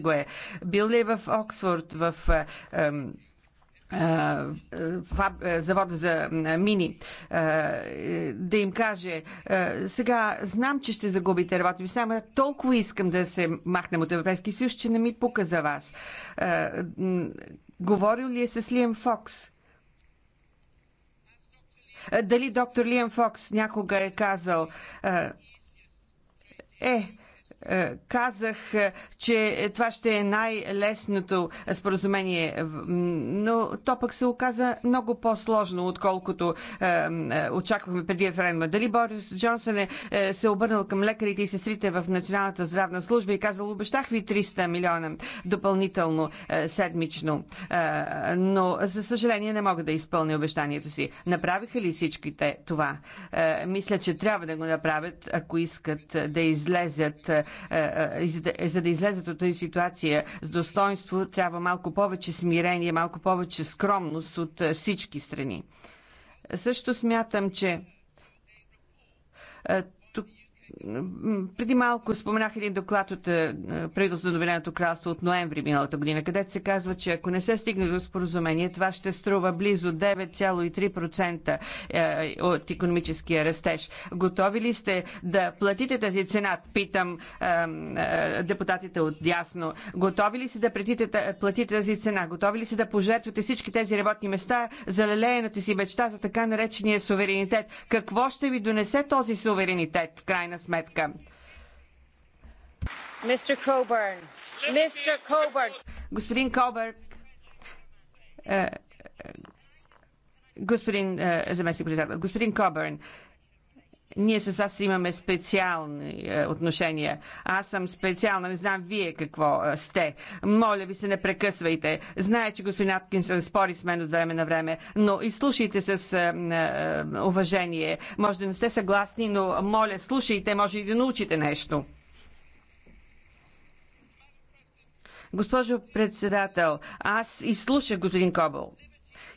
го е. Бил ли е в Оксфорд, в е, е, е, завода за мини, да им каже, сега знам, че ще загубите работа ми, само толкова искам да се махнем от Европейски съюз, че не ми пука за вас. Говорил ли е с Лием Фокс? Дали доктор Лием Фокс някога е казал, е, е, казах, е, че това ще е най-лесното споразумение, но то пък се оказа много по-сложно, отколкото е, очаквахме преди референдума. Дали Борис Джонсън е се обърнал към лекарите и сестрите в Националната здравна служба и казал, обещах ви 300 милиона допълнително седмично, но за съжаление не мога да изпълня обещанието си. Направиха ли всичките това? Мисля, че трябва да го направят, ако искат да излезят е, е, е, за да излезат от тази ситуация с достоинство, трябва малко повече смирение, малко повече скромност от всички страни. Също смятам, че преди малко споменах един доклад от е, правителството на Обединеното кралство от ноември миналата година, където се казва, че ако не се стигне до споразумение, това ще струва близо 9,3% е, от економическия растеж. Готови ли сте да платите тази цена? Питам е, депутатите от дясно. Готови ли сте да платите тази цена? Готови ли сте да пожертвате всички тези работни места за лелеяната си мечта за така наречения суверенитет? Какво ще ви донесе този суверенитет в крайна сметка. Господин Кобърн, е, е, господин е, заместник председател, господин Кобърн, ние с вас имаме специални е, отношения. Аз съм специална, не знам вие какво е, сте. Моля ви се, не прекъсвайте. Знае, че господин Аткинсън спори с мен от време на време, но и слушайте с е, е, уважение. Може да не сте съгласни, но моля, слушайте, може и да научите нещо. Госпожо председател, аз изслушах господин Кобъл.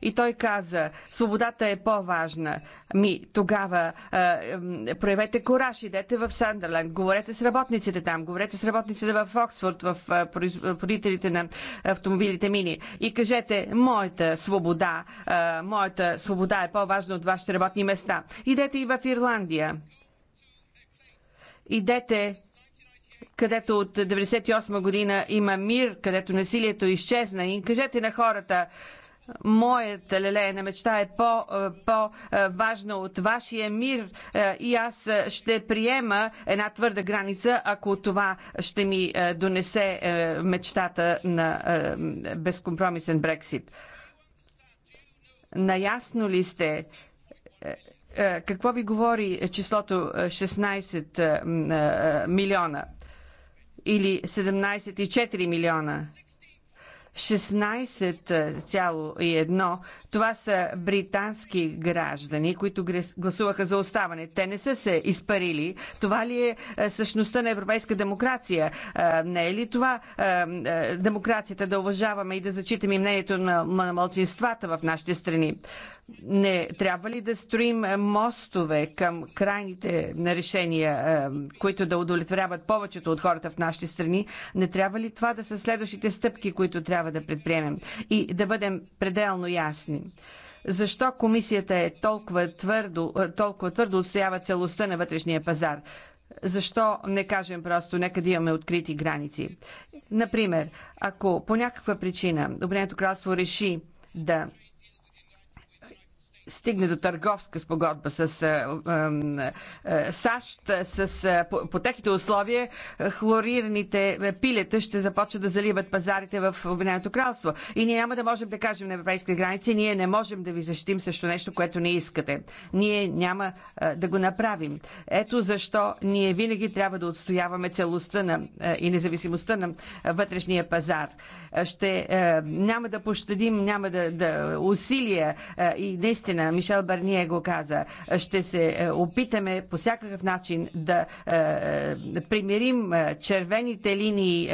И той каза, свободата е по-важна. Ми, тогава е, проявете кораж, идете в Сандерленд, говорете с работниците там, говорете с работниците в Оксфорд, в производителите на автомобилите мини и кажете, моята свобода, е, моята свобода е по-важна от вашите работни места. Идете и в Ирландия. Идете където от 1998 година има мир, където насилието изчезна. И кажете на хората, моята лелеяна мечта е по, е, по-важна от вашия мир е, и аз ще приема една твърда граница, ако това ще ми е, донесе мечтата на безкомпромисен Брексит. Наясно ли сте какво ви говори числото 16 милиона или 17,4 милиона? 16,1 това са британски граждани, които гласуваха за оставане. Те не са се изпарили. Това ли е, е същността на европейска демокрация? Е, не е ли това е, демокрацията да уважаваме и да зачитаме мнението на малцинствата в нашите страни? Не трябва ли да строим мостове към крайните решения, които да удовлетворяват повечето от хората в нашите страни? Не трябва ли това да са следващите стъпки, които трябва да предприемем? И да бъдем пределно ясни. Защо комисията е толкова твърдо, е, толкова твърдо отстоява целостта на вътрешния пазар? Защо не кажем просто, нека да имаме открити граници? Например, ако по някаква причина Обединеното кралство реши да стигне до търговска спогодба с а, а, САЩ, с а, по, по техните условия хлорираните пилета ще започнат да заливат пазарите в Обединеното кралство. И ние няма да можем да кажем на европейските граници, ние не можем да ви защитим срещу нещо, което не искате. Ние няма а, да го направим. Ето защо ние винаги трябва да отстояваме целостта на, а, и независимостта на вътрешния пазар. Ще, а, няма да пощадим, няма да, да усилия а, и наистина наистина Мишел Барние го каза. Ще се е, опитаме по всякакъв начин да е, е, примирим червените линии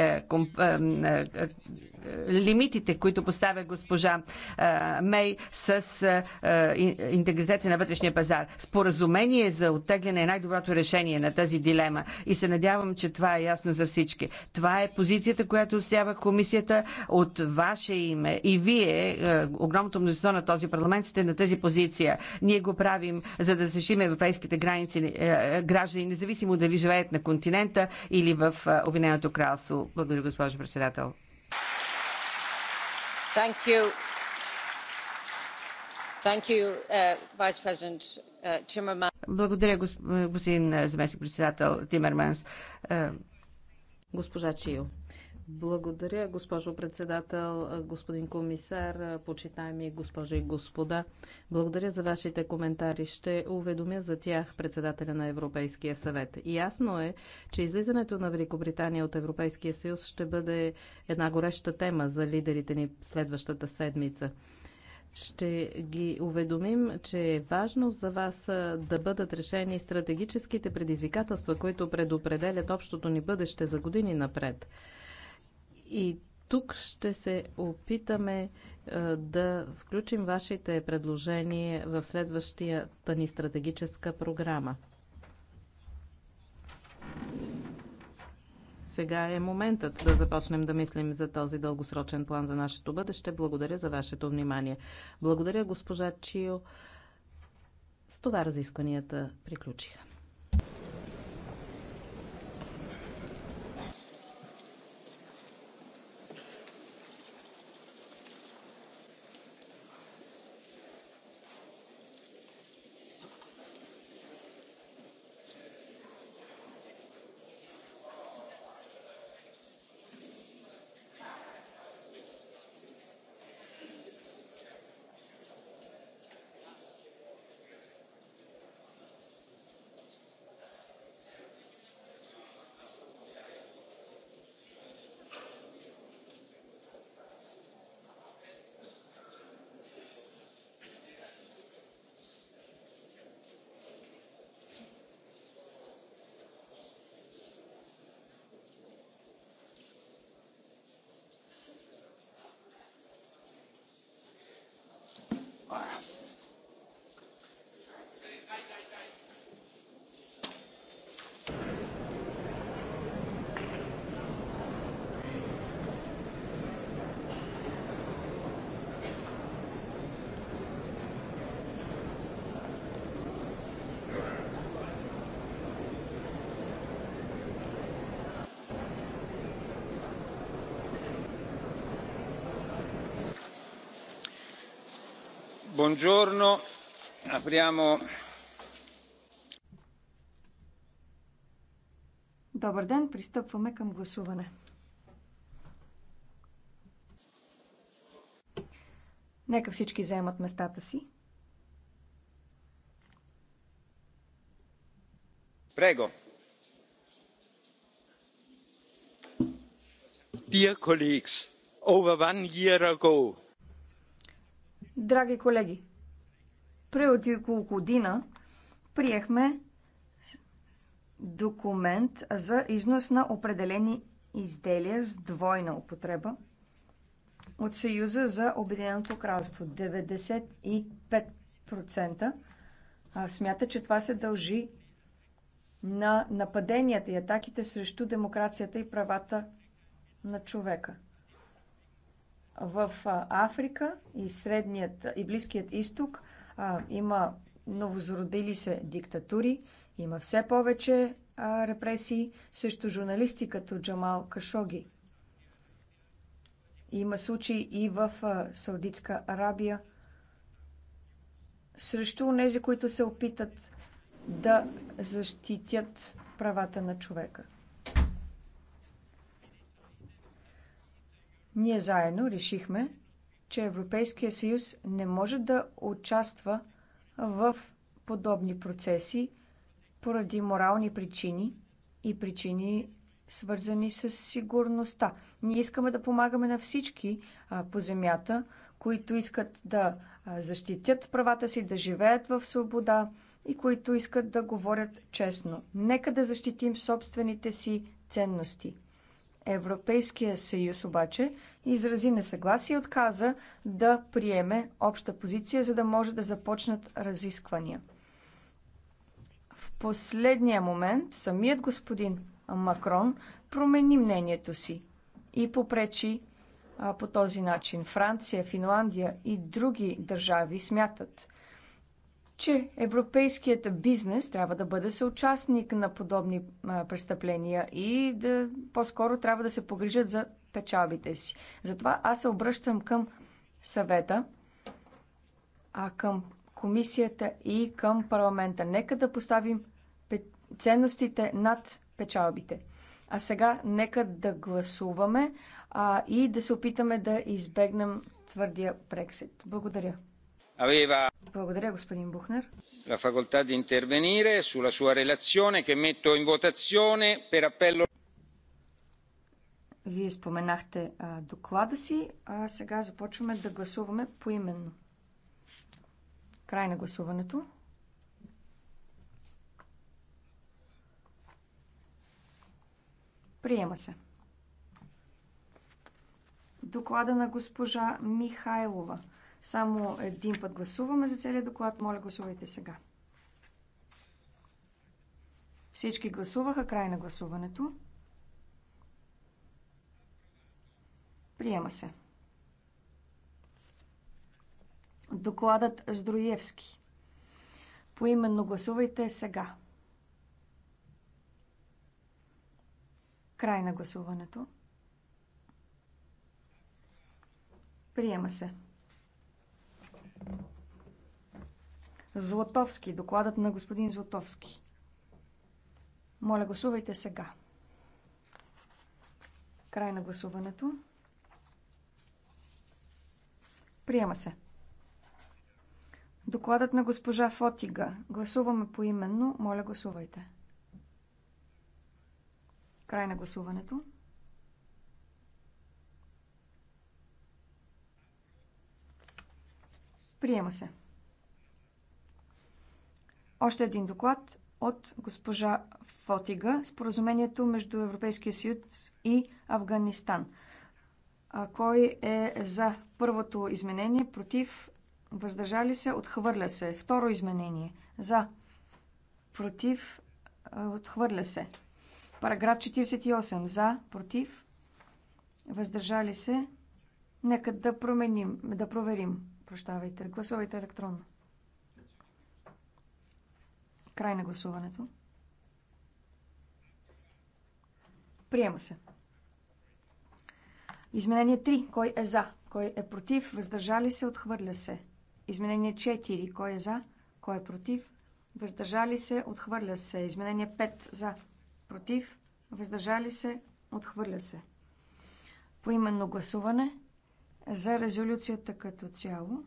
лимитите, които поставя госпожа Мей с интегритета на вътрешния пазар. Споразумение за оттегляне е най-доброто решение на тази дилема и се надявам, че това е ясно за всички. Това е позицията, която отстоява комисията от ваше име и вие, огромното мнозинство на този парламент, сте на тази позиция. Ние го правим, за да защитим европейските граници граждани, независимо дали живеят на континента или в Обединеното кралство. Благодаря, госпожо председател. Uh, uh, Благодаря, господин э, заместник-председател Тимерманс. Э, госпожа Чио. Благодаря, госпожо председател, господин комисар, почитаеми госпожи и господа. Благодаря за вашите коментари. Ще уведомя за тях председателя на Европейския съвет. Ясно е, че излизането на Великобритания от Европейския съюз ще бъде една гореща тема за лидерите ни следващата седмица ще ги уведомим, че е важно за вас да бъдат решени стратегическите предизвикателства, които предопределят общото ни бъдеще за години напред. И тук ще се опитаме е, да включим вашите предложения в следващата ни стратегическа програма. Сега е моментът да започнем да мислим за този дългосрочен план за нашето бъдеще. Благодаря за вашето внимание. Благодаря, госпожа Чио. С това разискванията приключиха. Buongiorno. Apriamo. Добър ден, пристъпваме към гласуване. Нека всички заемат местата си. Прего. Dear colleagues, over one year ago, Драги колеги, преди около година приехме документ за износ на определени изделия с двойна употреба от Съюза за Обединеното кралство. 95% смята, че това се дължи на нападенията и атаките срещу демокрацията и правата на човека. В Африка и Средният и Близкият изток а, има новозродили се диктатури, има все повече а, репресии също журналисти като Джамал Кашоги. Има случаи и в а, Саудитска Арабия срещу тези, които се опитат да защитят правата на човека. Ние заедно решихме, че Европейския съюз не може да участва в подобни процеси поради морални причини и причини свързани с сигурността. Ние искаме да помагаме на всички а, по земята, които искат да а, защитят правата си, да живеят в свобода и които искат да говорят честно. Нека да защитим собствените си ценности. Европейския съюз обаче изрази несъгласие и отказа да приеме обща позиция, за да може да започнат разисквания. В последния момент самият господин Макрон промени мнението си и попречи а, по този начин. Франция, Финландия и други държави смятат, че европейският бизнес трябва да бъде съучастник на подобни престъпления и да, по-скоро трябва да се погрижат за печалбите си. Затова аз се обръщам към съвета, а към комисията и към парламента. Нека да поставим ценностите над печалбите. А сега нека да гласуваме а, и да се опитаме да избегнем твърдия Брексит. Благодаря. Благодаря, господин Бухнер. La facoltà di intervenire sulla sua relazione che metto in votazione per appello. Вие споменахте доклада си, а сега започваме да гласуваме поименно. Край на гласуването. Приема се. Доклада на госпожа Михайлова. Само един път гласуваме за целият доклад. Моля, гласувайте сега. Всички гласуваха. Край на гласуването. Приема се. Докладът Здроевски. Поименно гласувайте сега. Край на гласуването. Приема се. Златовски, докладът на господин Златовски. Моля, гласувайте сега. Край на гласуването. Приема се. Докладът на госпожа Фотига. Гласуваме поименно. Моля, гласувайте. Край на гласуването. Приема се. Още един доклад от госпожа Фотига. Споразумението между Европейския съюз и Афганистан. А кой е за първото изменение? Против? Въздържали се? Отхвърля се. Второ изменение. За. Против? Отхвърля се. Параграф 48. За. Против? Въздържали се? Нека да променим, да проверим. Прощавайте. Гласувайте електронно. Край на гласуването. Приема се. Изменение 3. Кой е за? Кой е против? Въздържали се? Отхвърля се. Изменение 4. Кой е за? Кой е против? Въздържали се? Отхвърля се. Изменение 5. За? Против? Въздържали се? Отхвърля се. Поименно гласуване за резолюцията като цяло.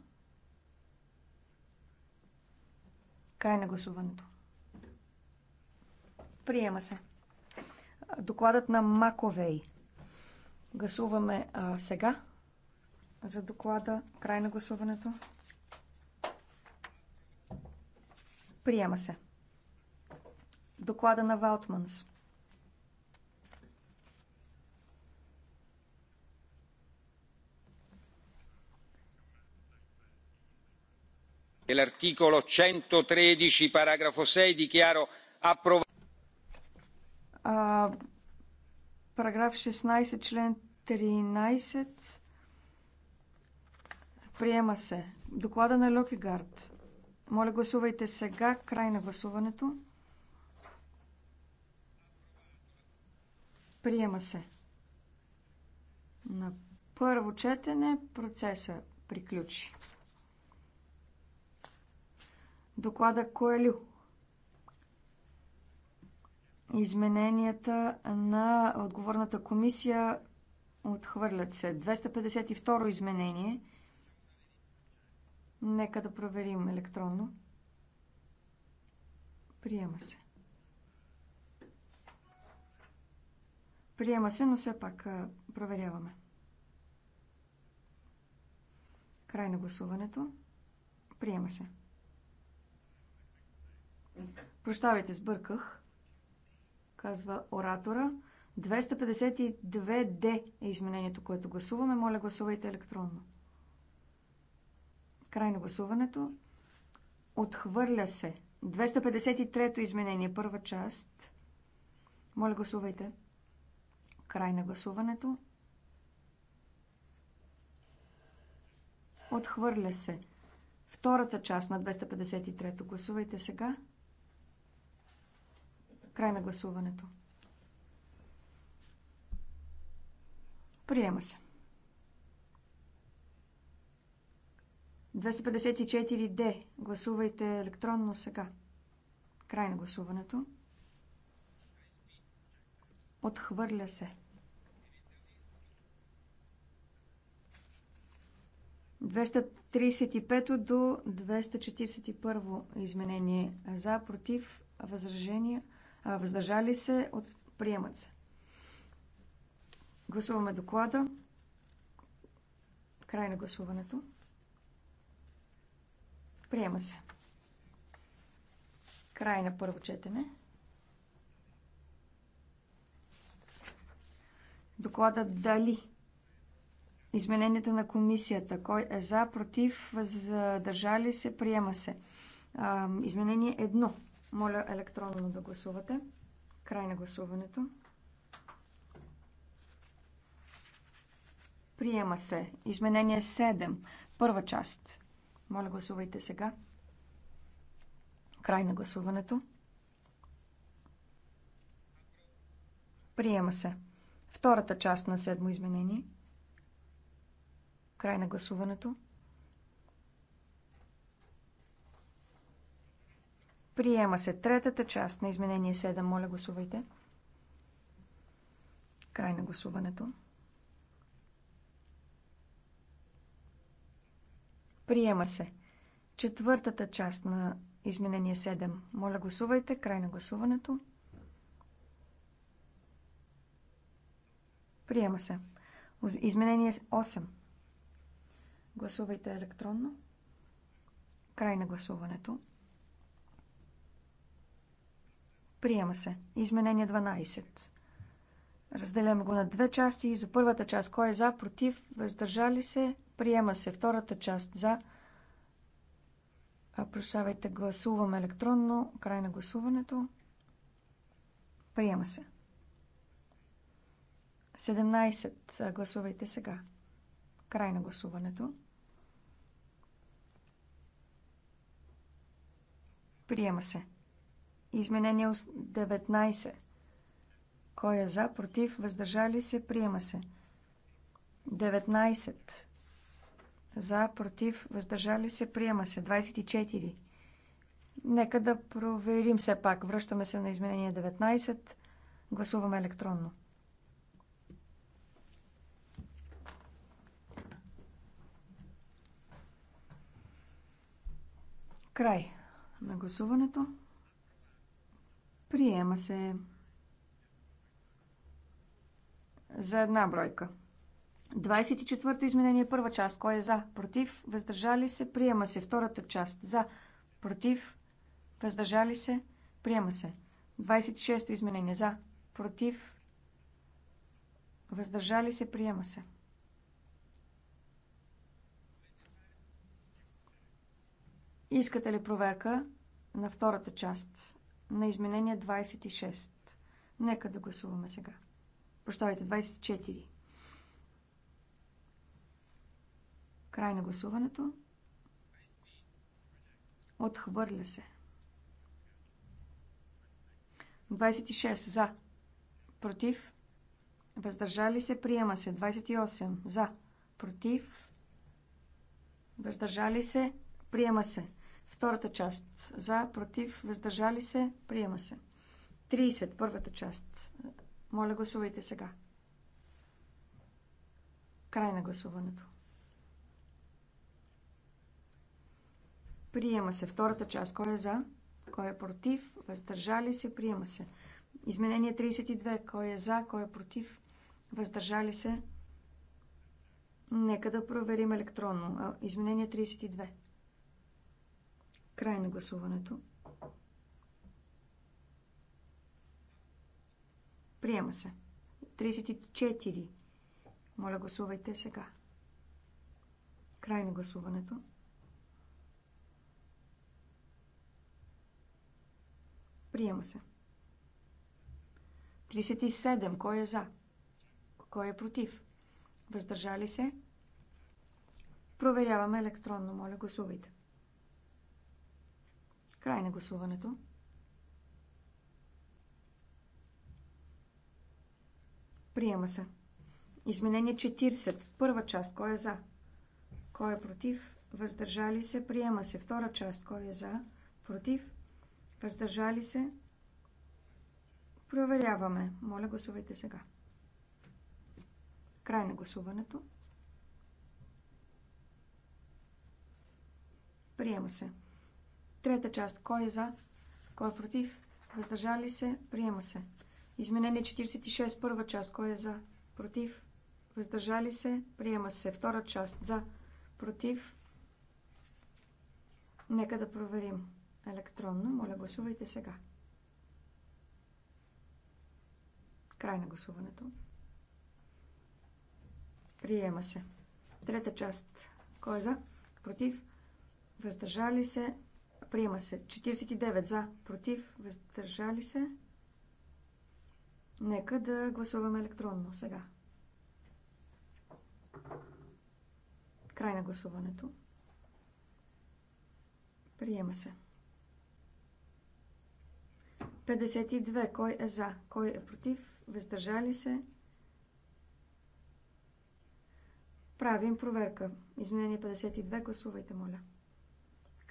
Край на гласуването. Приема се. Докладът на Маковей. Гласуваме а, сега за доклада. Край на гласуването. Приема се. Доклада на Валтманс. L'articolo 113, paragrafo 6, dichiaro approvato. Параграф 16, член 13. Приема се. Доклада на Локигард. Моля, гласувайте сега. Край на гласуването. Приема се. На първо четене процеса приключи. Доклада Коелю. Измененията на отговорната комисия отхвърлят се. 252 изменение. Нека да проверим електронно. Приема се. Приема се, но все пак проверяваме. Край на гласуването. Приема се. Прощавайте, сбърках казва оратора. 252D е изменението, което гласуваме. Моля, гласувайте електронно. Край на гласуването. Отхвърля се. 253-то изменение, първа част. Моля, гласувайте. Край на гласуването. Отхвърля се. Втората част на 253-то. Гласувайте сега. Край на гласуването. Приема се. 254D. Гласувайте електронно сега. Край на гласуването. Отхвърля се. 235 до 241 изменение. За, против, възражения въздържали се, от... приемат се. Гласуваме доклада. Край на гласуването. Приема се. Край на първо четене. Доклада Дали. Измененията на комисията. Кой е за, против, въздържали се, приема се. Изменение едно. Моля електронно да гласувате. Край на гласуването. Приема се. Изменение 7. Първа част. Моля, гласувайте сега. Край на гласуването. Приема се. Втората част на седмо изменение. Край на гласуването. Приема се третата част на изменение 7. Моля, гласувайте. Край на гласуването. Приема се четвъртата част на изменение 7. Моля, гласувайте. Край на гласуването. Приема се. Изменение 8. Гласувайте електронно. Край на гласуването. Приема се. Изменение 12. Разделяме го на две части. За първата част кой е за, против, въздържали се. Приема се. Втората част за. Прощавайте, гласуваме електронно. Край на гласуването. Приема се. 17. Гласувайте сега. Край на гласуването. Приема се. Изменение 19. Кой е за, против, въздържали се, приема се. 19. За, против, въздържали се, приема се. 24. Нека да проверим все пак. Връщаме се на изменение 19. Гласуваме електронно. Край на гласуването. Приема се за една бройка. 24-то изменение, първа част. Кой е за? Против? Въздържали се? Приема се. Втората част. За? Против? Въздържали се? Приема се. 26-то изменение. За? Против? Въздържали се? Приема се. Искате ли проверка на втората част? на изменение 26. Нека да гласуваме сега. Прощавайте, 24. Край на гласуването. Отхвърля се. 26 за. Против. Въздържали се. Приема се. 28 за. Против. Въздържали се. Приема се. Втората част. За, против, въздържали се, приема се. 30. Първата част. Моля, гласувайте сега. Край на гласуването. Приема се втората част. Кой е за? Кой е против? Въздържали се? Приема се. Изменение 32. Кой е за? Кой е против? Въздържали се? Нека да проверим електронно. Изменение 32. Край на гласуването. Приема се. 34. Моля, гласувайте сега. Край на гласуването. Приема се. 37. Кой е за? Кой е против? Въздържали се? Проверяваме електронно. Моля, гласувайте. 38. Край на гласуването. Приема се. Изменение 40. Първа част. Кой е за? Кой е против? Въздържали се. Приема се. Втора част. Кой е за? Против? Въздържали се. Проверяваме. Моля, гласувайте сега. Край на гласуването. Приема се. Трета част. Кой е за? Кой е против? Въздържали се? Приема се. Изменение 46. Първа част. Кой е за? Против? Въздържали се? Приема се. Втора част. За? Против? Нека да проверим електронно. Моля, гласувайте сега. Край на гласуването. Приема се. Трета част. Кой е за? Против? Въздържали се? Приема се. 49 за, против, въздържали се. Нека да гласуваме електронно сега. Край на гласуването. Приема се. 52. Кой е за? Кой е против? Въздържали се? Правим проверка. Изменение 52. Гласувайте, моля.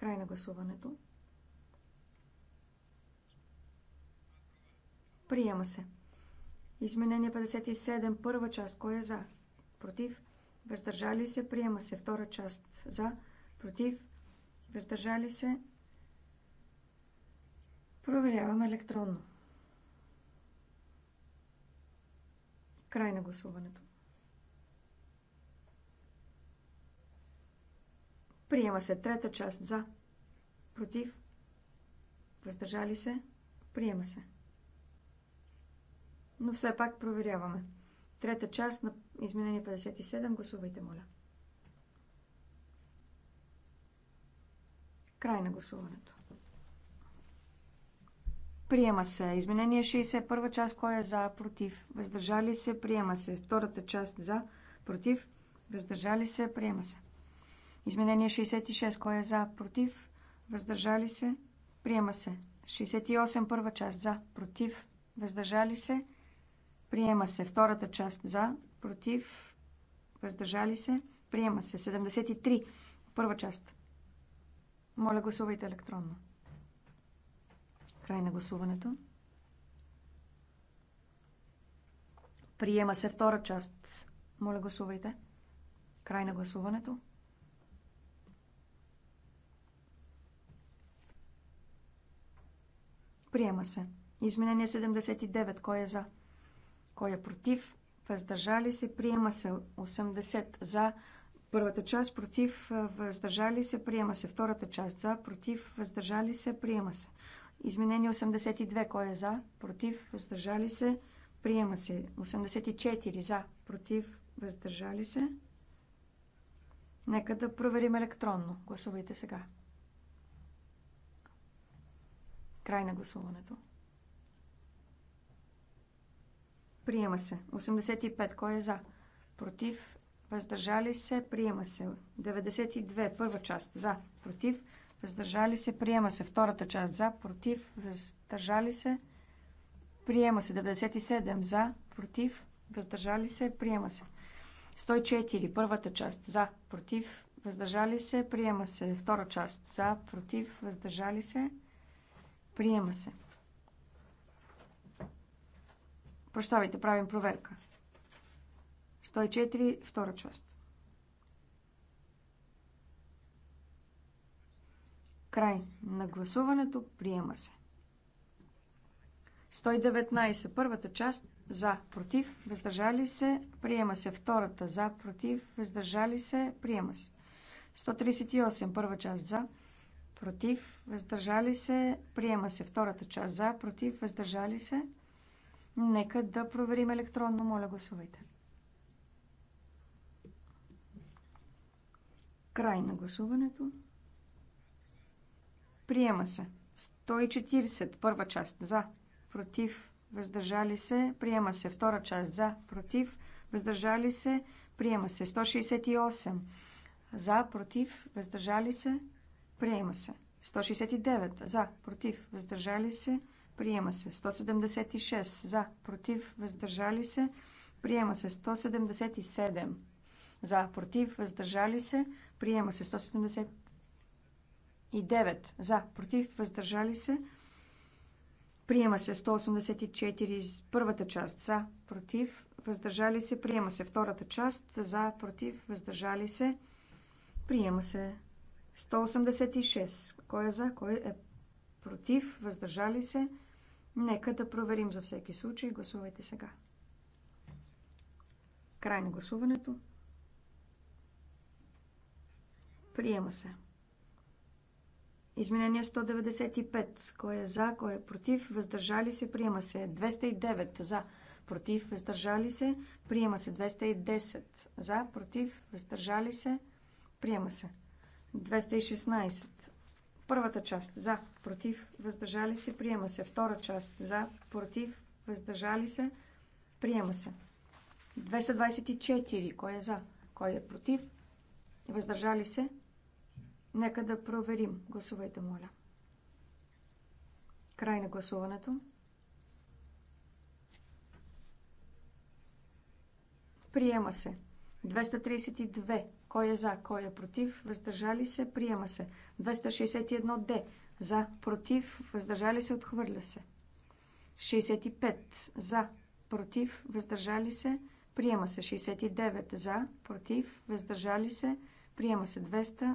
Край на гласуването. Приема се. Изменение 57, първа част. Кой е за? Против? Въздържали се? Приема се. Втора част. За? Против? Въздържали се? Проверяваме електронно. Край на гласуването. Приема се трета част за. Против. Въздържали се. Приема се. Но все пак проверяваме. Трета част на изменение 57. Гласувайте, моля. Край на гласуването. Приема се. Изменение 60. Първа част, кой е за, против. Въздържали се, приема се. Втората част за, против. Въздържали се, приема се. Изменение 66. Кой е за? Против? Въздържали се? Приема се. 68. Първа част. За. Против? Въздържали се? Приема се. Втората част. За. Против? Въздържали се? Приема се. 73. Първа част. Моля, гласувайте електронно. Край на гласуването. Приема се втора част. Моля, гласувайте. Край на гласуването. Приема се. Изменение 79. Кой е за? Кой е против? Въздържали се. Приема се. 80. За. Първата част против. Въздържали се. Приема се. Втората част за. Против. Въздържали се. Приема се. Изменение 82. Кой е за? Против. Въздържали се. Приема се. 84. За. Против. Въздържали се. Нека да проверим електронно. Гласувайте сега. Край на гласуването. Приема се. 85. Кой е за? Против. Въздържали се. Приема се. 92. Първа част. За. Против. Въздържали се. Приема се. Втората част. За. Против. Въздържали се. Приема се. 97. За. Против. Въздържали се. Приема се. 104. Първата част. За. Против. Въздържали се. Приема се. Втора част. За. Против. Въздържали се. Приема се. Прощавайте, правим проверка. 104, втора част. Край на гласуването. Приема се. 119. Първата част за, против, въздържали се, приема се. Втората за, против, въздържали се, приема се. 138. Първа част за, против, въздържали се, приема се втората част за, против, въздържали се. Нека да проверим електронно, моля гласувайте. Край на гласуването. Приема се. 140. Първа част. За. Против. Въздържали се. Приема се. Втора част. За. Против. Въздържали се. Приема се. 168. За. Против. Въздържали се. Приема се. 169 за, против, въздържали се. Приема се. 176 за, против, въздържали се. Приема се. 177 за, против, въздържали се. Приема се. 179. за, против, въздържали се. Приема се 184 първата част за, против, въздържали се. Приема се втората част за, против, въздържали се. Приема се 186. Кой е за, кой е против, въздържали се. Нека да проверим за всеки случай. Гласувайте сега. Край на гласуването. Приема се. Изменение 195. Кой е за, кой е против, въздържали се, приема се. 209 за, против, въздържали се, приема се. 210 за, против, въздържали се, приема се. 216. Първата част за, против, въздържали се, приема се. Втора част за, против, въздържали се, приема се. 224. Кой е за? Кой е против? Въздържали се? Нека да проверим. Гласувайте, моля. Край на гласуването. Приема се. 232. Кой е за? Кой е против? Въздържали се? Приема се. 261 Д. За. Против? Въздържали се? Отхвърля се. 65. За. Против? Въздържали се? Приема се. 69. За. Против? Въздържали се? Приема се. 262.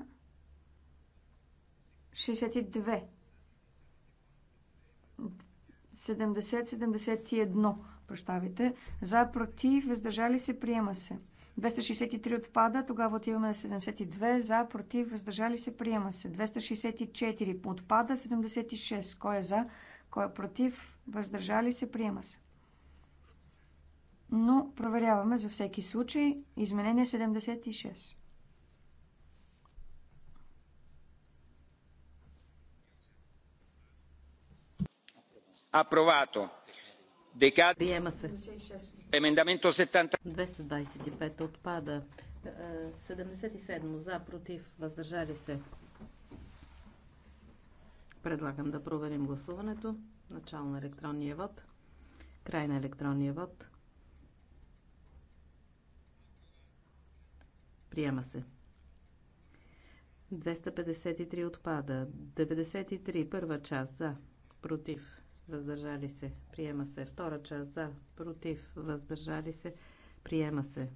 70-71. Прощавайте. За. Против? Въздържали се? Приема се. 263 отпада, тогава отиваме на 72, за, против, въздържали се, приема се. 264 отпада, 76, кой е за, кой е против, въздържали се, приема се. Но проверяваме за всеки случай изменение 76. Апровато. Декад... Приема се. Емендаменто 70... 225 отпада. 77 за, против, въздържали се. Предлагам да проверим гласуването. Начало на електронния вод. Край на електронния вод. Приема се. 253 отпада. 93 първа част за. Против въздържали се, приема се. Втора част за, против, въздържали се, приема се.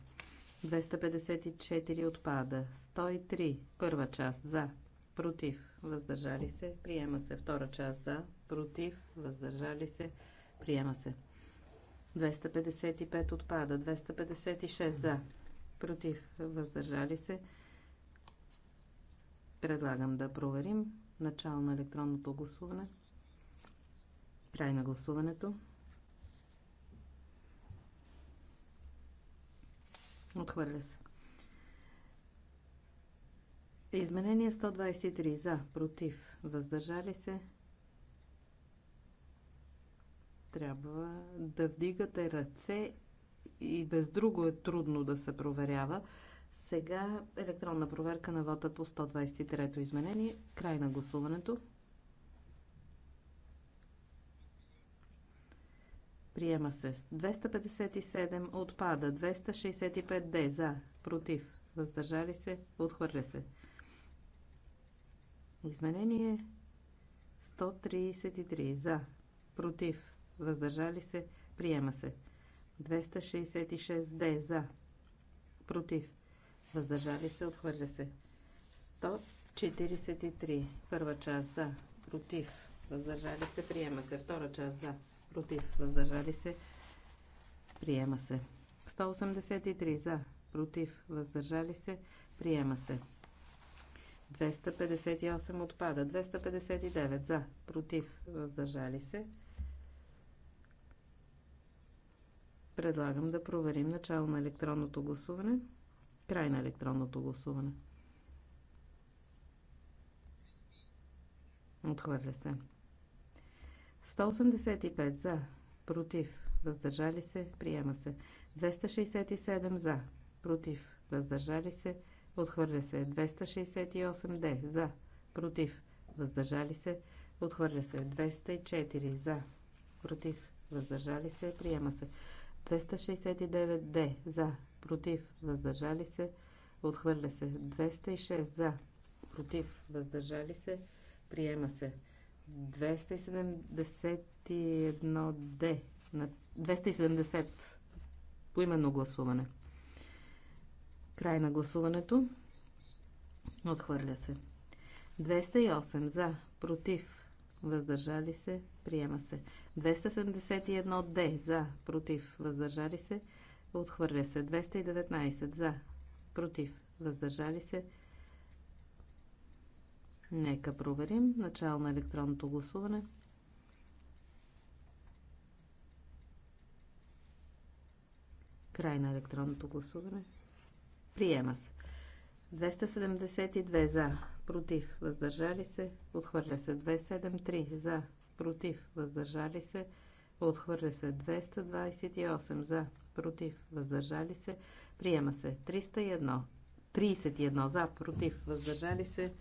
254 отпада. 103. Първа част за, против, въздържали се, приема се. Втора част за, против, въздържали се, приема се. 255 отпада. 256 за, против, въздържали се. Предлагам да проверим начало на електронното гласуване. Край на гласуването. Отхвърля се. Изменение 123 за, против, въздържали се. Трябва да вдигате ръце и без друго е трудно да се проверява. Сега електронна проверка на вода по 123-то изменение. Край на гласуването. Приема се. 257 отпада. 265 Д за. Против. Въздържали се. Отхвърля се. Изменение 133 за. Против. Въздържали се. Приема се. 266 Д за. Против. Въздържали се. Отхвърля се. 143. Първа част за. Против. Въздържали се. Приема се. Втора част за против, въздържали се, приема се. 183 за, против, въздържали се, приема се. 258 отпада, 259 за, против, въздържали се. Предлагам да проверим начало на електронното гласуване, край на електронното гласуване. Отхвърля се. 185 за, против, въздържали се, приема се. 267 за, против, въздържали се, отхвърля се. 268 д за, против, въздържали се, отхвърля се. 204 за, против, въздържали се, приема се. 269 д за, против, въздържали се, отхвърля се. 206 за, против, въздържали се, приема се. 271D на 270 поименно гласуване. Край на гласуването. Отхвърля се. 208 за, против, въздържали се, приема се. 271 Д за, против, въздържали се, отхвърля се. 219 за, против, въздържали се, Нека проверим начало на електронното гласуване. Край на електронното гласуване. Приема се. 272 за, против, въздържали се, отхвърля се. 273 за, против, въздържали се, отхвърля се. 228 за, против, въздържали се, приема се. 301, 31 за, против, въздържали се,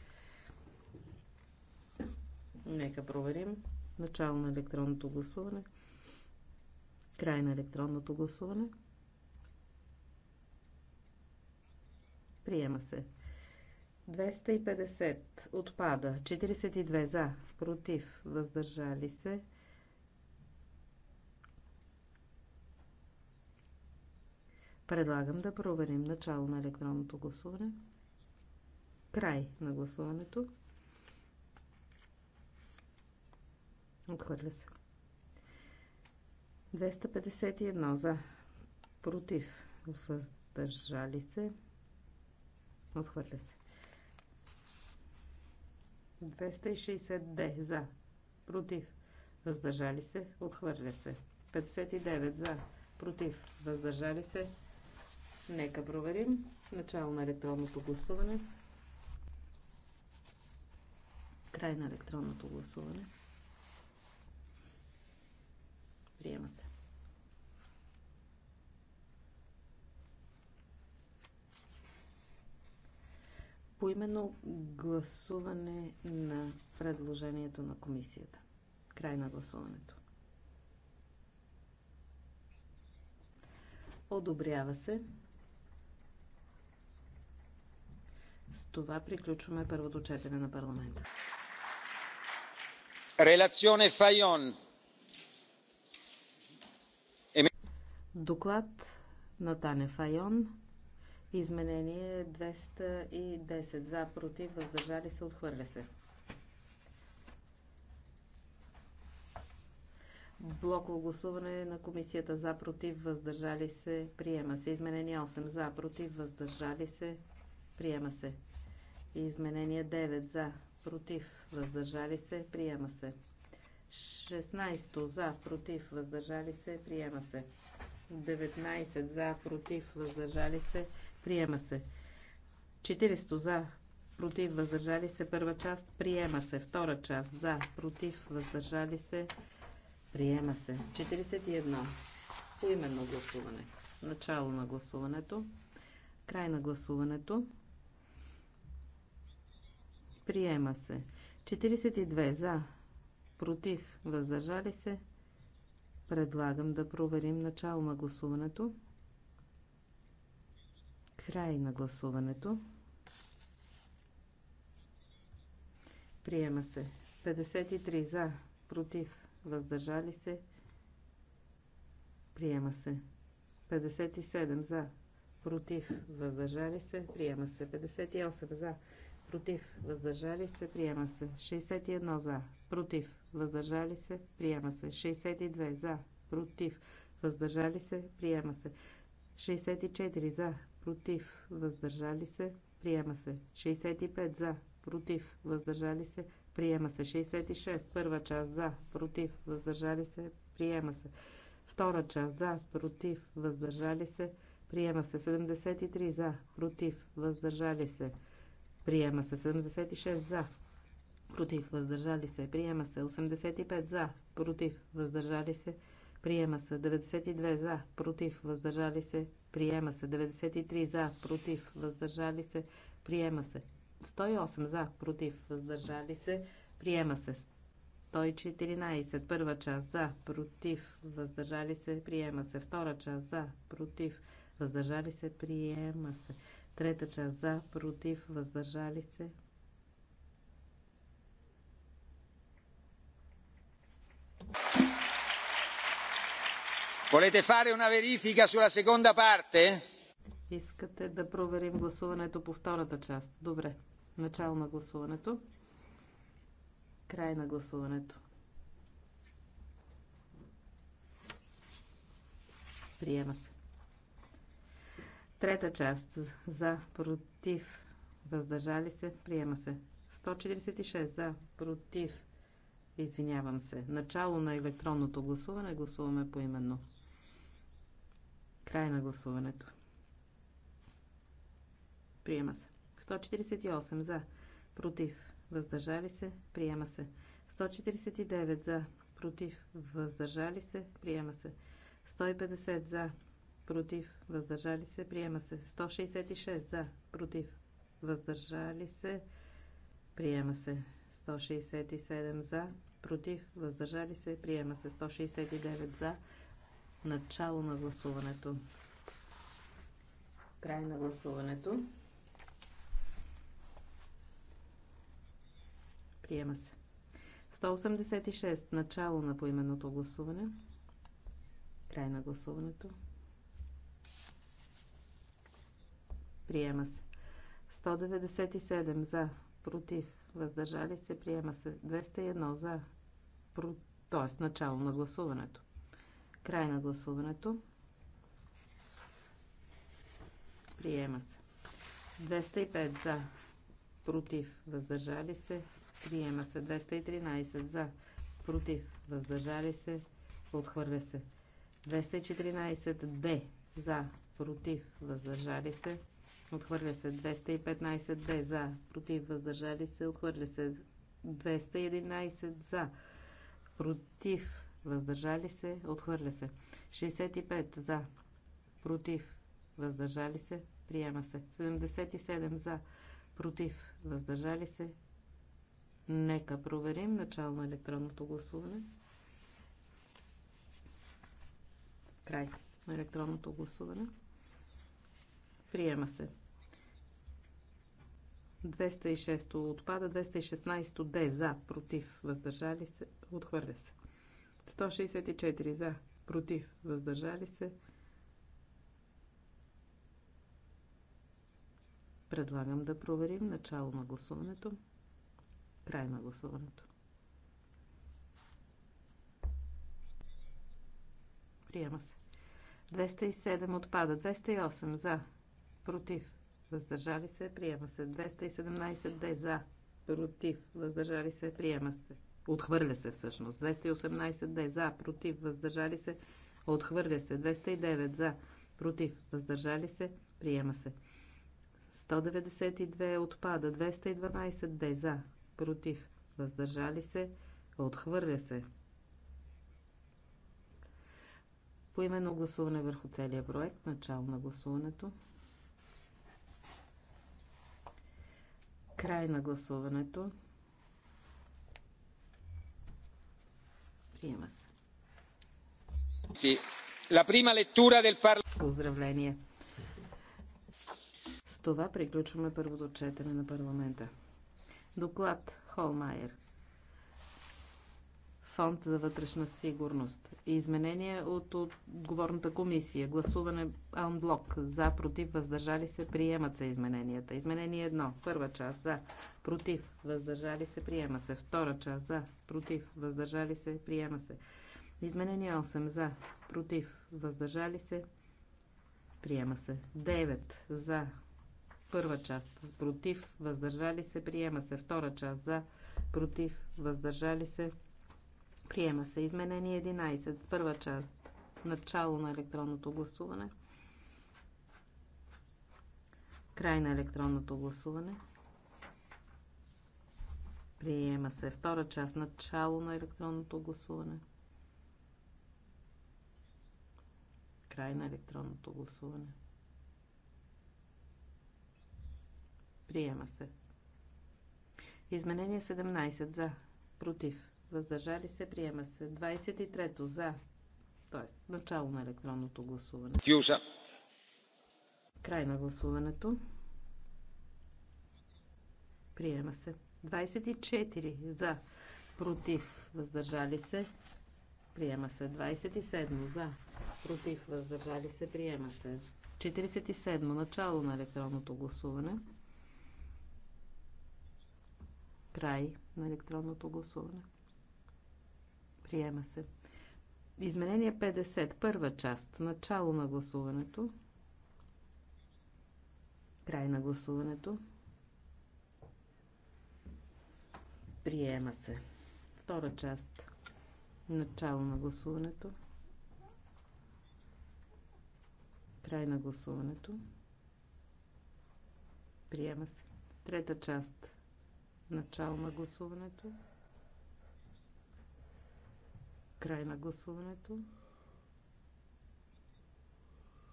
Нека проверим. Начало на електронното гласуване. Край на електронното гласуване. Приема се. 250 отпада. 42 за, против, въздържали се. Предлагам да проверим начало на електронното гласуване. Край на гласуването. Отхвърля се. 251 за. Против. Въздържали се. Отхвърля се. 260 Д за. Против. Въздържали се. Отхвърля се. 59 за. Против. Въздържали се. Нека проверим. Начало на електронното гласуване. Край на електронното гласуване. Приема се. именно гласуване на предложението на комисията. Край на гласуването. Одобрява се. С това приключваме първото четене на парламента. Релационе Файон. Доклад на Тане Файон. Изменение 210. За, против, въздържали се, отхвърля се. Блоково гласуване на комисията за, против, въздържали се, приема се. Изменение 8. За, против, въздържали се, приема се. Изменение 9. За, против, въздържали се, приема се. 16. За, против, въздържали се, приема се. 19 за, против, въздържали се, приема се. 400 за, против, въздържали се, първа част, приема се. Втора част за, против, въздържали се, приема се. 41. Поименно гласуване. Начало на гласуването. Край на гласуването. Приема се. 42 за, против, въздържали се, Предлагам да проверим начало на гласуването. Край на гласуването. Приема се. 53 за, против, въздържали се. Приема се. 57 за, против, въздържали се. Приема се. 58 за, против, въздържали се. Приема се. 61 за, против, въздържали се, приема се. 62 за, против, въздържали се, приема се. 64 за, против, въздържали се, приема се. 65 за, против, въздържали се, приема се. 66 първа част за, против, въздържали се, приема се. Втора част за, против, въздържали се, приема се. 73 за, против, въздържали се, приема се. 76 за, против, въздържали се, приема се 85 за, против, въздържали се, приема се 92 за, против, въздържали се, приема се 93 за, против, въздържали се, приема се 108 за, против, въздържали се, приема се 114. Първа част за, против, въздържали се, приема се. Втора част за, против, въздържали се, приема се. Трета част за, против, въздържали се, Volete fare una verifica sulla seconda parte? Искате да проверим гласуването по втората част. Добре. Начало на гласуването. Край на гласуването. Приема се. Трета част. За, против, въздържали се. Приема се. 146 за, против. Извинявам се. Начало на електронното гласуване. Гласуваме поименно. именно. Край на гласуването. Приема се. 148 за. Против. Въздържали се. Приема се. 149 за. Против. Въздържали се. Приема се. 150 за. Против. Въздържали се. Приема се. 166 за. Против. Въздържали се. Приема се. 167 за. Против. Въздържали се. Приема се. 169 за Начало на гласуването. Край на гласуването. Приема се. 186. Начало на поименното гласуване. Край на гласуването. Приема се. 197 за, против, въздържали се, приема се. 201 за, про... т.е. начало на гласуването. Край на гласуването. Приема се. 205 за. Против. Въздържали се. Приема се. 213 за. Против. Въздържали се. Отхвърля се. 214 Д. За. Против. Въздържали се. Отхвърля се. 215 Д. За. Против. Въздържали се. Отхвърля се. 211 за. Против въздържали се, отхвърля се. 65 за, против, въздържали се, приема се. 77 за, против, въздържали се. Нека проверим начало на електронното гласуване. Край на електронното гласуване. Приема се. 206 отпада, 216 де за, против, въздържали се, отхвърля се. 164 за, против, въздържали се. Предлагам да проверим начало на гласуването, край на гласуването. Приема се. 207 отпада. 208 за. Против. Въздържали се. Приема се. 217 де за. Против. Въздържали се. Приема се. Отхвърля се всъщност. 218 да е за, против, въздържали се. Отхвърля се. 209 за, против, въздържали се. Приема се. 192 отпада. 212 да е за, против, въздържали се. Отхвърля се. Поименно гласуване върху целия проект. Начало на гласуването. Край на гласуването. Приема се. Поздравление. С това приключваме първото четене на парламента. Доклад Холмайер. Фонд за вътрешна сигурност. Изменение от отговорната комисия. Гласуване анблок. За, против, въздържали се. Приемат се измененията. Изменение едно, Първа част. За против, въздържали се, приема се. Втора част за, против, въздържали се, приема се. Изменение 8 за, против, въздържали се, приема се. 9 за, първа част, против, въздържали се, приема се. Втора част за, против, въздържали се, приема се. Изменение 11, първа част, начало на електронното гласуване. Край на електронното гласуване. Приема се. Втора част. Начало на електронното гласуване. Край на електронното гласуване. Приема се. Изменение 17. За. Против. Въздържали се. Приема се. 23. За. Тоест, начало на електронното гласуване. Тюша. Край на гласуването. Приема се. 24 за, против, въздържали се, приема се. 27 за, против, въздържали се, приема се. 47 начало на електронното гласуване. Край на електронното гласуване. Приема се. Изменение 50. Първа част. Начало на гласуването. Край на гласуването. Приема се. Втора част. Начало на гласуването. Край на гласуването. Приема се. Трета част. Начало на гласуването. Край на гласуването.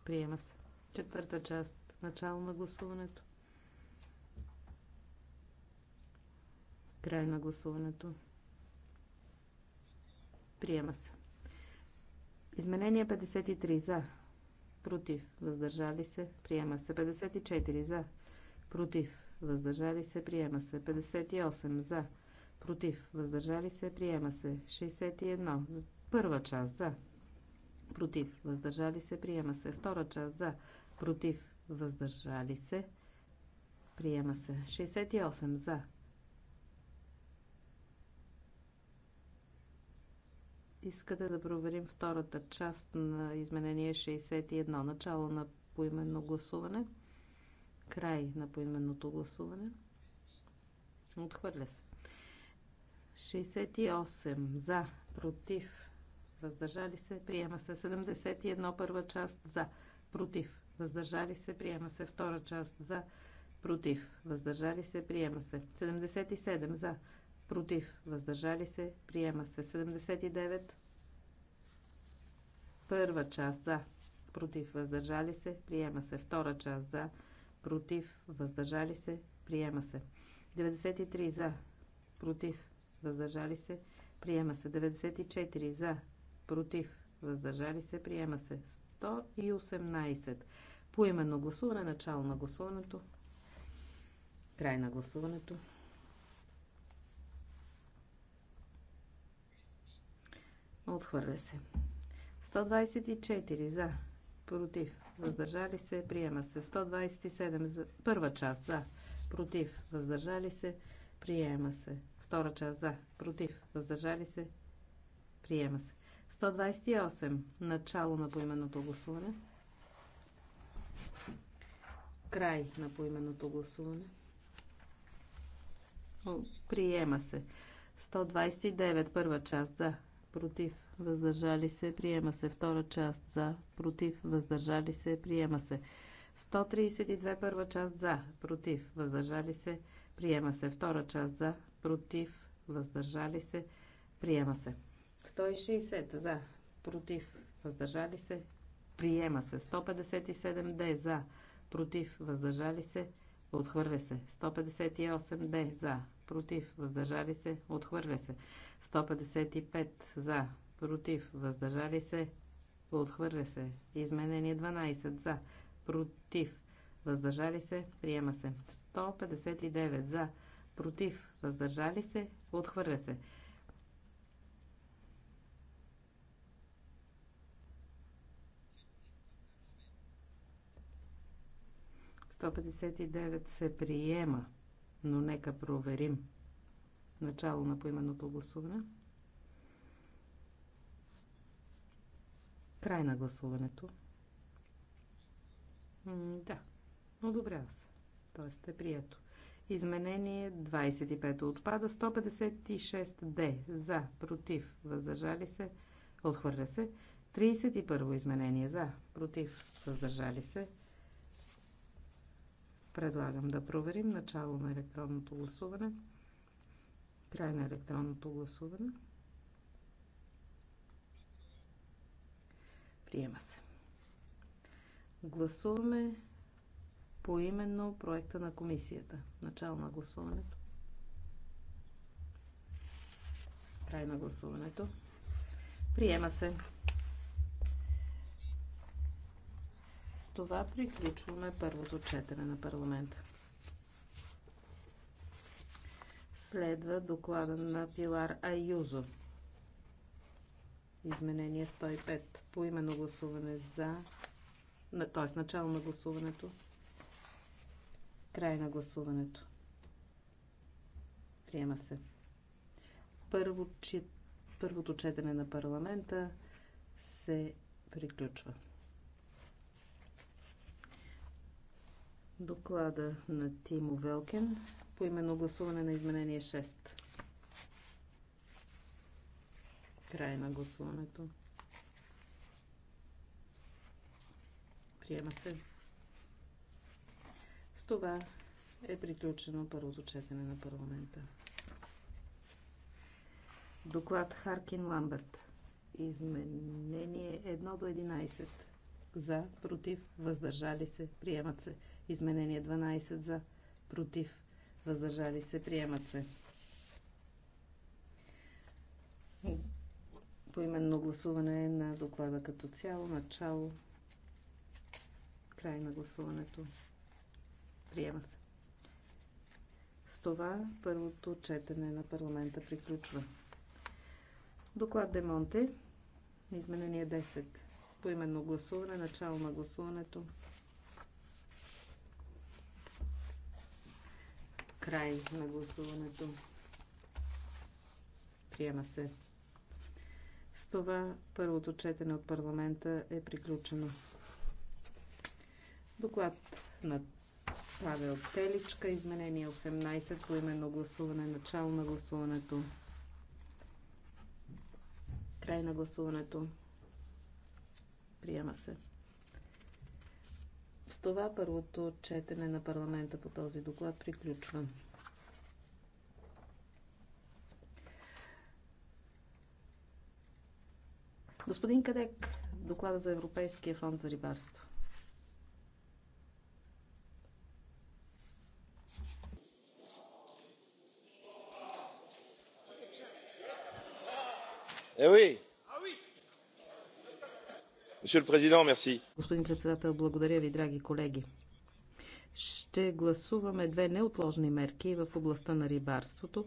Приема се. Четвърта част. Начало на гласуването. Край на гласуването. Приема се. Изменение 53 за. Против. Въздържали се. Приема се. 54 за. Против. Въздържали се. Приема се. 58 за. Против. Въздържали се. Приема се. 61. Първа част за. Против. Въздържали се. Приема се. Втора част за. Против. Въздържали се. Приема се. 68 за Искате да проверим втората част на изменение 61. Начало на поименно гласуване. Край на поименното гласуване. Отхвърля се. 68 за, против, въздържали се, приема се 71 първа част за, против, въздържали се, приема се втора част за, против, въздържали се, приема се 77 за, против, въздържали се, приема се 79. Първа част за, против, въздържали се, приема се. Втора част за, против, въздържали се, приема се. 93 за, против, въздържали се, приема се. 94 за, против, въздържали се, приема се. 118. Поименно гласуване, начало на гласуването, край на гласуването. Отхвърля се. 124 за. Против. Въздържали се. Приема се. 127 за. Първа част за. Против. Въздържали се. Приема се. Втора част за. Против. Въздържали се. Приема се. 128. Начало на поименното гласуване. Край на поименното гласуване. Приема се. 129. Първа част за против, въздържали се, приема се. Втора част за, против, въздържали се, приема се. 132 първа част за, против, въздържали се, приема се. Втора част за, против, въздържали се, приема се. 160 за, против, въздържали се, приема се. 157 д за, против, въздържали се, приема се. Отхвърля се. 158 Д. За. Против. Въздържали се. Отхвърля се. 155 За. Против. Въздържали се. Отхвърля се. Изменение 12 За. Против. Въздържали се. Приема се. 159 За. Против. Въздържали се. Отхвърля се. 159 се приема, но нека проверим. Начало на поименното гласуване. Край на гласуването. М да, одобрява се. Тоест е прието. Изменение 25 отпада 156D за, против, въздържали се, отхвърля се. 31 изменение за, против, въздържали се, Предлагам да проверим начало на електронното гласуване. Край на електронното гласуване. Приема се. Гласуваме поименно проекта на комисията. Начало на гласуването. Край на гласуването. Приема се. С това приключваме първото четене на парламента. Следва доклада на Пилар Аюзо. Изменение 105. По именно гласуване за... Т.е. начало на гласуването. Край на гласуването. Приема се. Първо, че... Първото четене на парламента се приключва. доклада на Тимо Велкен по именно гласуване на изменение 6. Край на гласуването. Приема се. С това е приключено първото четене на парламента. Доклад Харкин Ламберт. Изменение 1 до 11. За, против, въздържали се, приемат се. Изменение 12 за. Против. Въздържали се. Приемат се. Поименно гласуване на доклада като цяло. Начало. Край на гласуването. Приема се. С това първото четене на парламента приключва. Доклад Демонте. Изменение 10. Поименно гласуване. Начало на гласуването. Край на гласуването. Приема се. С това първото четене от парламента е приключено. Доклад на Павел Теличка, изменение 18, по именно гласуване, начало на гласуването. Край на гласуването. Приема се. С това първото четене на парламента по този доклад приключва. Господин Кадек, доклада за Европейския фонд за рибарство. Eh е, oui, Господин председател, благодаря ви, драги колеги. Ще гласуваме две неотложни мерки в областта на рибарството,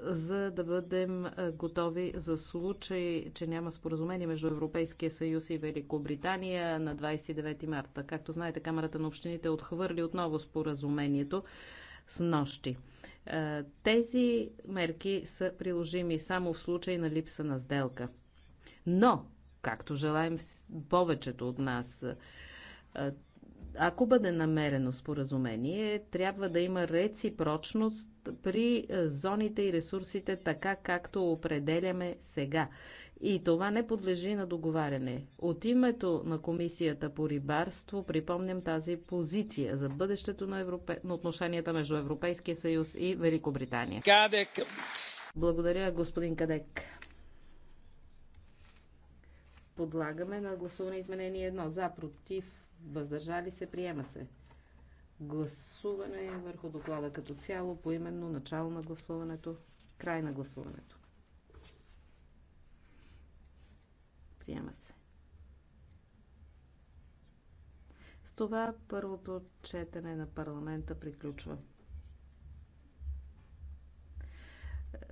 за да бъдем готови за случай, че няма споразумение между Европейския съюз и Великобритания на 29 марта. Както знаете, Камерата на общините е отхвърли отново споразумението с нощи. Тези мерки са приложими само в случай на липса на сделка. Но както желаем повечето от нас. Ако бъде намерено споразумение, трябва да има реципрочност при зоните и ресурсите, така както определяме сега. И това не подлежи на договаряне. От името на Комисията по рибарство припомням тази позиция за бъдещето на, Европе... на отношенията между Европейския съюз и Великобритания. Кадек. Благодаря, господин Кадек. Подлагаме на гласуване изменение 1. За, против, въздържали се, приема се. Гласуване върху доклада като цяло, по именно начало на гласуването, край на гласуването. Приема се. С това първото четене на парламента приключва.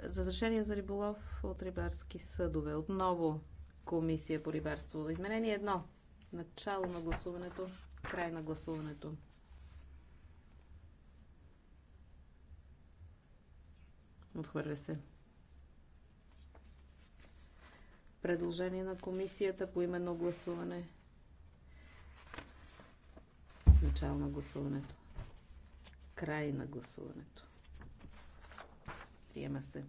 Разрешение за риболов от рибарски съдове. Отново комисия по рибарство. Изменение едно. Начало на гласуването, край на гласуването. Отхвърля се. Предложение на комисията по именно гласуване. Начало на гласуването. Край на гласуването. Приема се.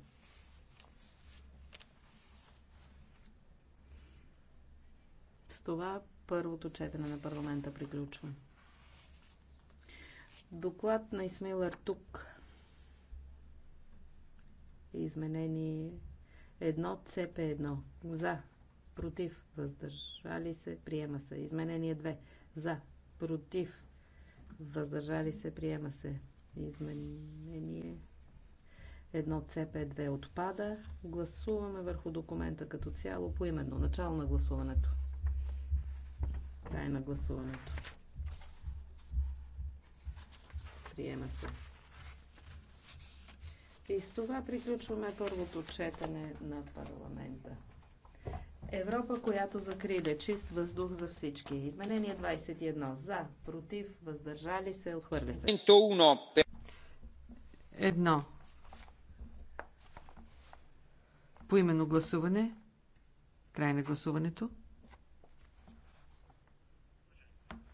това първото четене на парламента приключва. Доклад на Исмил Артук. Изменение 1 ЦП1. За. Против. Въздържали се. Приема се. Изменение 2. За. Против. Въздържали се. Приема се. Изменение Едно ЦП2 отпада. Гласуваме върху документа като цяло по именно Начало на гласуването. Край на гласуването. Приема се. И с това приключваме първото четене на парламента. Европа, която закриле чист въздух за всички. Изменение 21. За, против, въздържали се, отхвърля се. Едно. Поименно гласуване. Край на гласуването.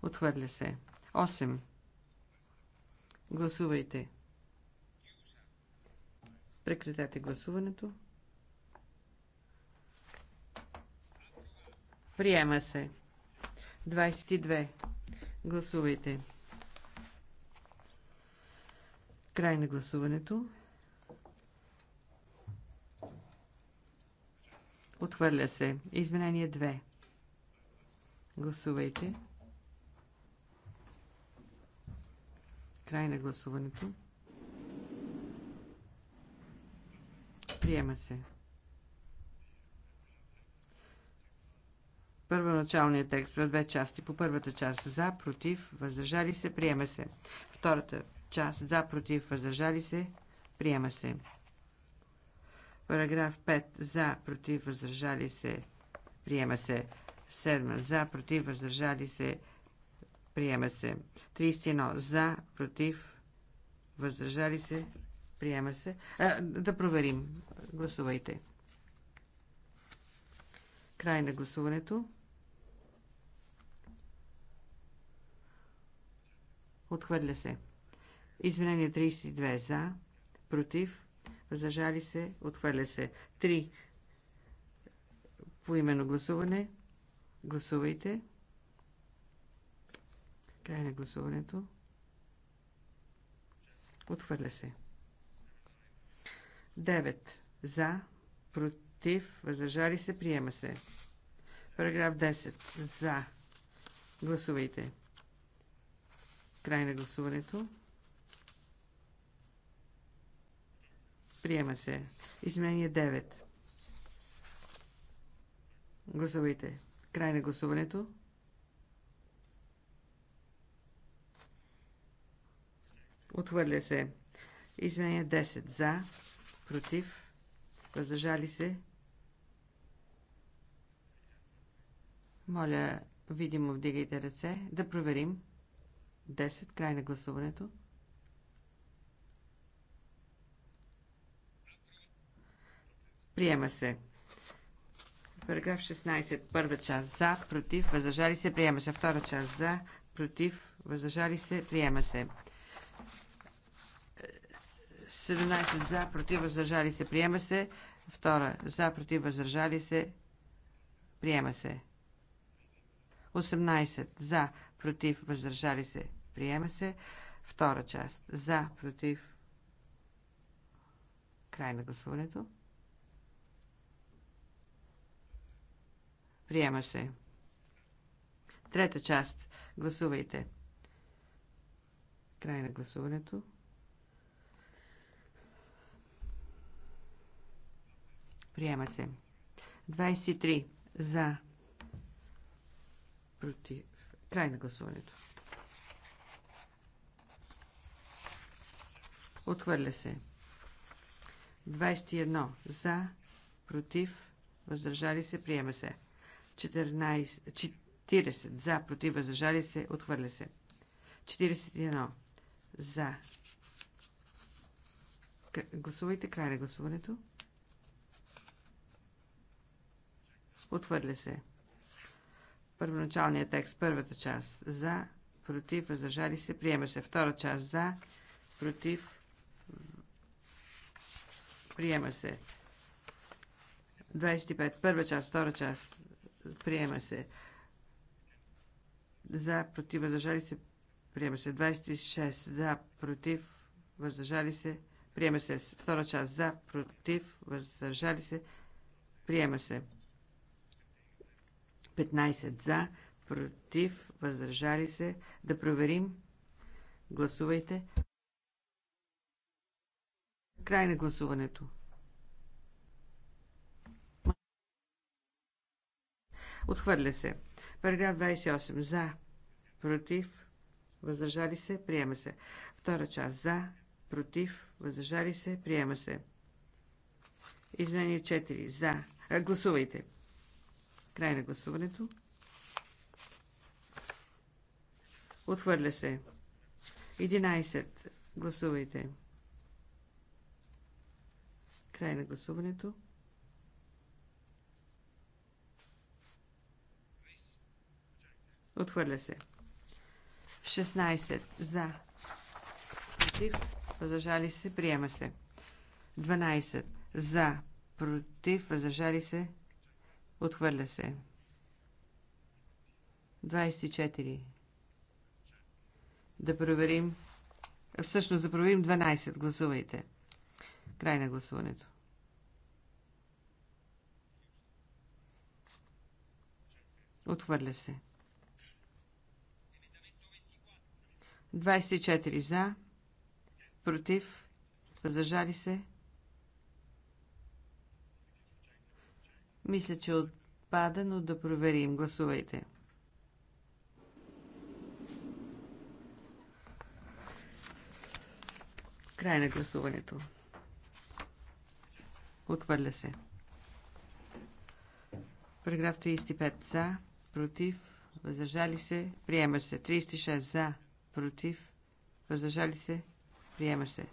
Отхвърля се. 8. Гласувайте. Прекратете гласуването. Приема се. 22. Гласувайте. Край на гласуването. Отхвърля се. Изменение 2. Гласувайте. Край на гласуването. Приема се. Първоначалният текст в две части. По първата част за, против, въздържали се, приема се. Втората част за, против, въздържали се, приема се. Параграф 5 за, против, въздържали се, приема се. 7 за, против, въздържали се, приема се. Приема се. 31. За, против, въздържали се. Приема се. А, да проверим. Гласувайте. Край на гласуването. Отхвърля се. Извинение 32 за, против, въздържали се, отхвърля се. 3. По именно гласуване. Гласувайте. Край на гласуването. Отхвърля се. 9. За, против, въздържали се, приема се. Параграф 10. За. Гласувайте. Край на гласуването. Приема се. Изменение 9. Гласувайте. Край на гласуването. Отхвърля се. Изменя 10 за, против, въздържали се. Моля, видимо вдигайте ръце. Да проверим. 10. Край на гласуването. Приема се. Параграф 16. Първа част за, против, въздържали се, приема се. Втора част за, против, въздържали се, приема се. 17 за, против, въздържали се, приема се. Втора за, против, въздържали се, приема се. 18 за, против, въздържали се, приема се. Втора част за, против, край на гласуването. Приема се. Трета част. Гласувайте. Край на гласуването. Приема се. 23 за. Против. Край на гласуването. Отхвърля се. 21 за. Против. Въздържали се. Приема се. 14, 40 за. Против. Въздържали се. Отхвърля се. 41 за. Гласувайте край на гласуването. Отвърля се. Първоначалният текст, първата част. За, против, въздържали се, приема се. Втора част. За, против, приема се. 25. Първа част, втора част. Приема се. За, против, въздържали се, приема се. 26. За, против, въздържали се, приема се. Втора част. За, против, въздържали се, приема се. 15 за, против, въздържали се. Да проверим. Гласувайте. Край на гласуването. Отхвърля се. Параграф 28. За. Против. Въздържали се. Приема се. Втора част. За. Против. Въздържали се. Приема се. Изменение 4. За. гласувайте. Край на гласуването. Отхвърля се. 11. Гласувайте. Край на гласуването. Отхвърля се. 16. За. Против. Въздържали се. Приема се. 12. За. Против. Въздържали се. Отхвърля се. 24. Да проверим. Всъщност да проверим 12. Гласувайте. Край на гласуването. Отхвърля се. 24 за, против, въздържали се Мисля, че е отпада, но да проверим. Гласувайте. Край на гласуването. Отвърля се. Параграф 35 за, против, въздържали се, приема се. 36 за, против, въздържали се, приема се.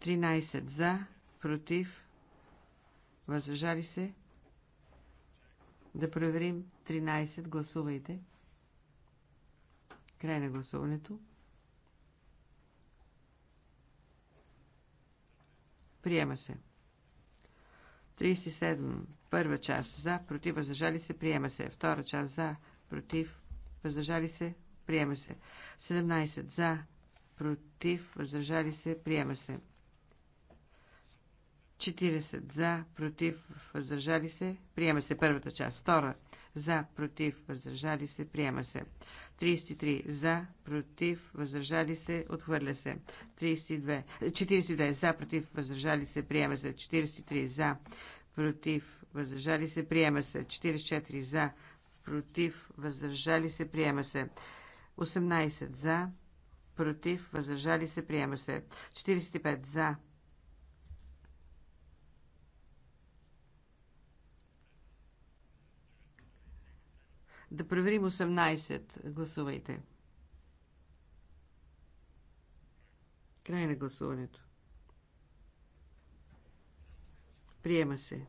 13 за, против, Въздържали се? Да проверим 13. Гласувайте. Край на гласуването. Приема се. 37. Първа част за, против, въздържали се, приема се. Втора част за, против, въздържали се, приема се. 17. За, против, въздържали се, приема се. 40 за, против, въздържали се, приема се първата част. Втора за, против, въздържали се, приема се. 33 за, против, въздържали се, отхвърля се. 32, 42 за, против, въздържали се, приема се. 43 за, против, въздържали се, приема се. 44 за, против, въздържали се, приема се. 18 за, против, въздържали се, приема се. 45 за, Да проверим 18. Гласувайте. Край на гласуването. Приема се.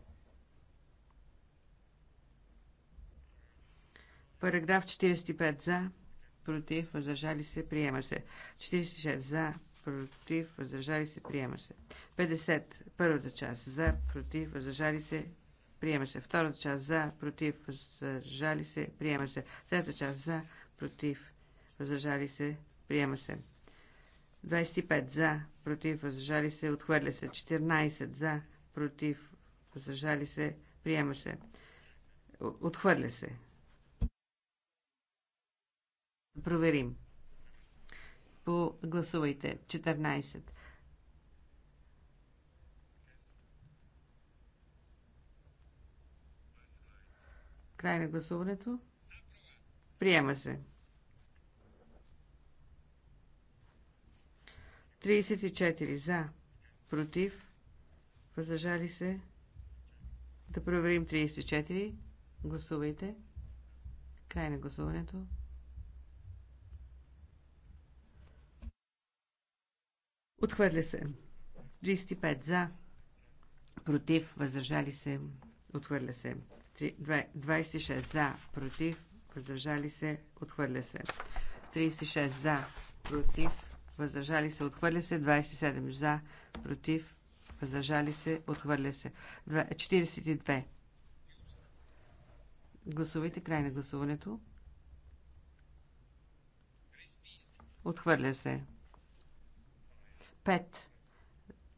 Параграф 45 за, против, въздържали се, приема се. 46 за, против, въздържали се, приема се. 50. Първата част за, против, въздържали се, приема се. Втората част за, против, въздържали се, приема се. Третата част за, против, въздържали се, приема се. 25 за, против, въздържали се, отхвърля се. 14 за, против, въздържали се, приема се. Отхвърля се. Проверим. Погласувайте. 14. Край на гласуването. Приема се. 34 за, против, въздържали се. Да проверим 34. Гласувайте. Край на гласуването. Отхвърля се. 35 за, против, въздържали се. Отхвърля се. 26 за, против, въздържали се, отхвърля се. 36 за, против, въздържали се, отхвърля се. 27 за, против, въздържали се, отхвърля се. 42. Гласувайте край на гласуването. Отхвърля се. 5.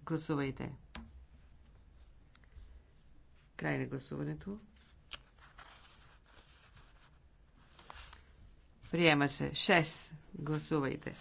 Гласувайте. Край на гласуването. Приема се. 6. Гласувайте.